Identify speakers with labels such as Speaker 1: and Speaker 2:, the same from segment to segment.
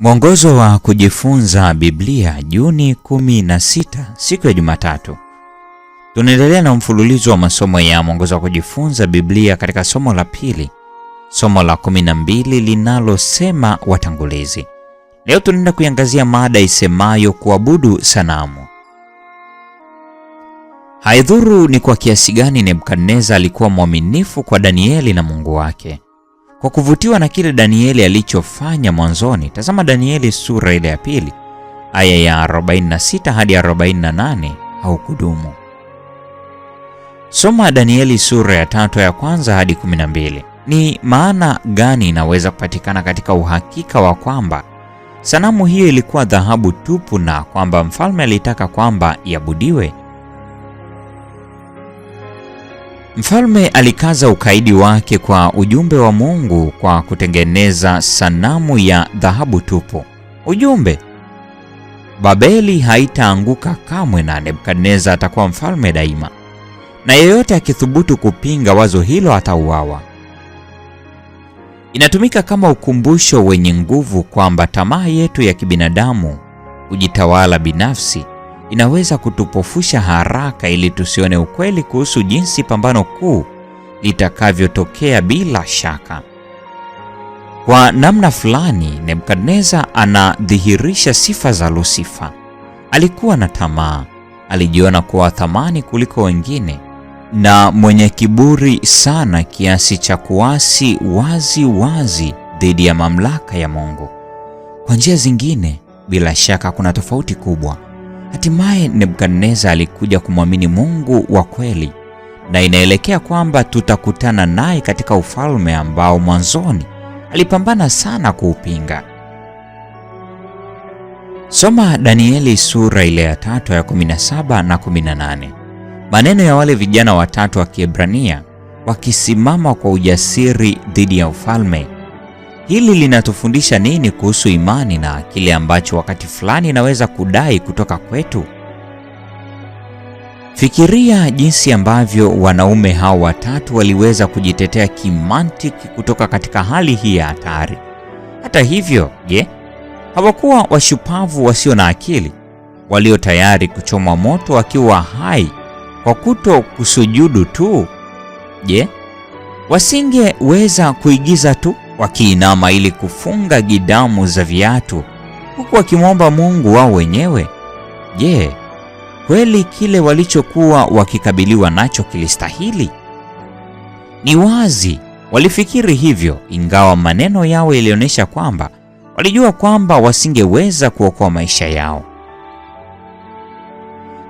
Speaker 1: Mwongozo wa kujifunza Biblia Juni 16 siku ya Jumatatu. Tunaendelea na mfululizo wa masomo ya mwongozo wa kujifunza Biblia katika somo la pili, somo la 12 linalosema watangulizi. Leo tunaenda kuiangazia mada isemayo kuabudu sanamu. Haidhuru ni kwa kiasi gani Nebukadneza alikuwa mwaminifu kwa Danieli na Mungu wake. Kwa kuvutiwa na kile Danieli alichofanya mwanzoni, tazama Danieli sura ile ya pili aya ya 46 hadi 48 au kudumu. Soma Danieli sura ya tatu ya kwanza hadi 12. Ni maana gani inaweza kupatikana katika uhakika wa kwamba sanamu hiyo ilikuwa dhahabu tupu na kwamba mfalme alitaka kwamba iabudiwe Mfalme alikaza ukaidi wake kwa ujumbe wa Mungu kwa kutengeneza sanamu ya dhahabu tupu. Ujumbe: Babeli haitaanguka kamwe na Nebukadneza atakuwa mfalme daima, na yeyote akithubutu kupinga wazo hilo atauawa. Inatumika kama ukumbusho wenye nguvu kwamba tamaa yetu ya kibinadamu, kujitawala binafsi inaweza kutupofusha haraka ili tusione ukweli kuhusu jinsi pambano kuu litakavyotokea. Bila shaka, kwa namna fulani, Nebukadneza anadhihirisha sifa za Lusifa. Alikuwa na tamaa, alijiona kuwa thamani kuliko wengine na mwenye kiburi sana kiasi cha kuasi wazi wazi dhidi ya mamlaka ya Mungu. Kwa njia zingine, bila shaka kuna tofauti kubwa Hatimaye Nebukadneza alikuja kumwamini Mungu wa kweli, na inaelekea kwamba tutakutana naye katika ufalme ambao mwanzoni alipambana sana kuupinga. Soma Danieli sura ile ya tatu ya 17 na 18, maneno ya wale vijana watatu wa Kiebrania wakisimama kwa ujasiri dhidi ya ufalme Hili linatufundisha nini kuhusu imani na kile ambacho wakati fulani inaweza kudai kutoka kwetu? Fikiria jinsi ambavyo wanaume hao watatu waliweza kujitetea kimantiki kutoka katika hali hii ya hatari. Hata hivyo, je, hawakuwa washupavu wasio na akili walio tayari kuchoma moto wakiwa hai kwa kuto kusujudu tu? Je, wasingeweza kuigiza tu wakiinama ili kufunga gidamu za viatu huku wakimwomba Mungu wao wenyewe. Je, kweli kile walichokuwa wakikabiliwa nacho kilistahili? Ni wazi walifikiri hivyo, ingawa maneno yao yalionyesha kwamba walijua kwamba wasingeweza kuokoa maisha yao.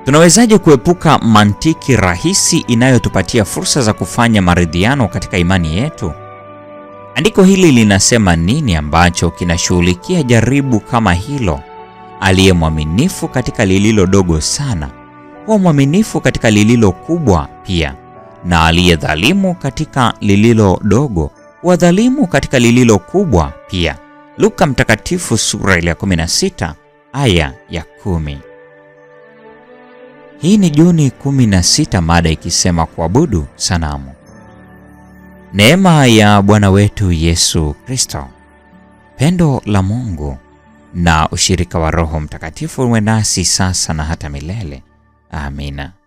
Speaker 1: Tunawezaje kuepuka mantiki rahisi inayotupatia fursa za kufanya maridhiano katika imani yetu? Andiko hili linasema nini ambacho kinashughulikia jaribu kama hilo? Aliye mwaminifu katika lililo dogo sana huwa mwaminifu katika lililo kubwa pia, na aliye dhalimu katika lililo dogo huwa dhalimu katika lililo kubwa pia. Luka Mtakatifu sura ya 16 aya ya 10. Hii ni Juni 16, mada ikisema kuabudu sanamu. Neema ya Bwana wetu Yesu Kristo, pendo la Mungu na ushirika wa Roho Mtakatifu uwe nasi sasa na hata milele. Amina.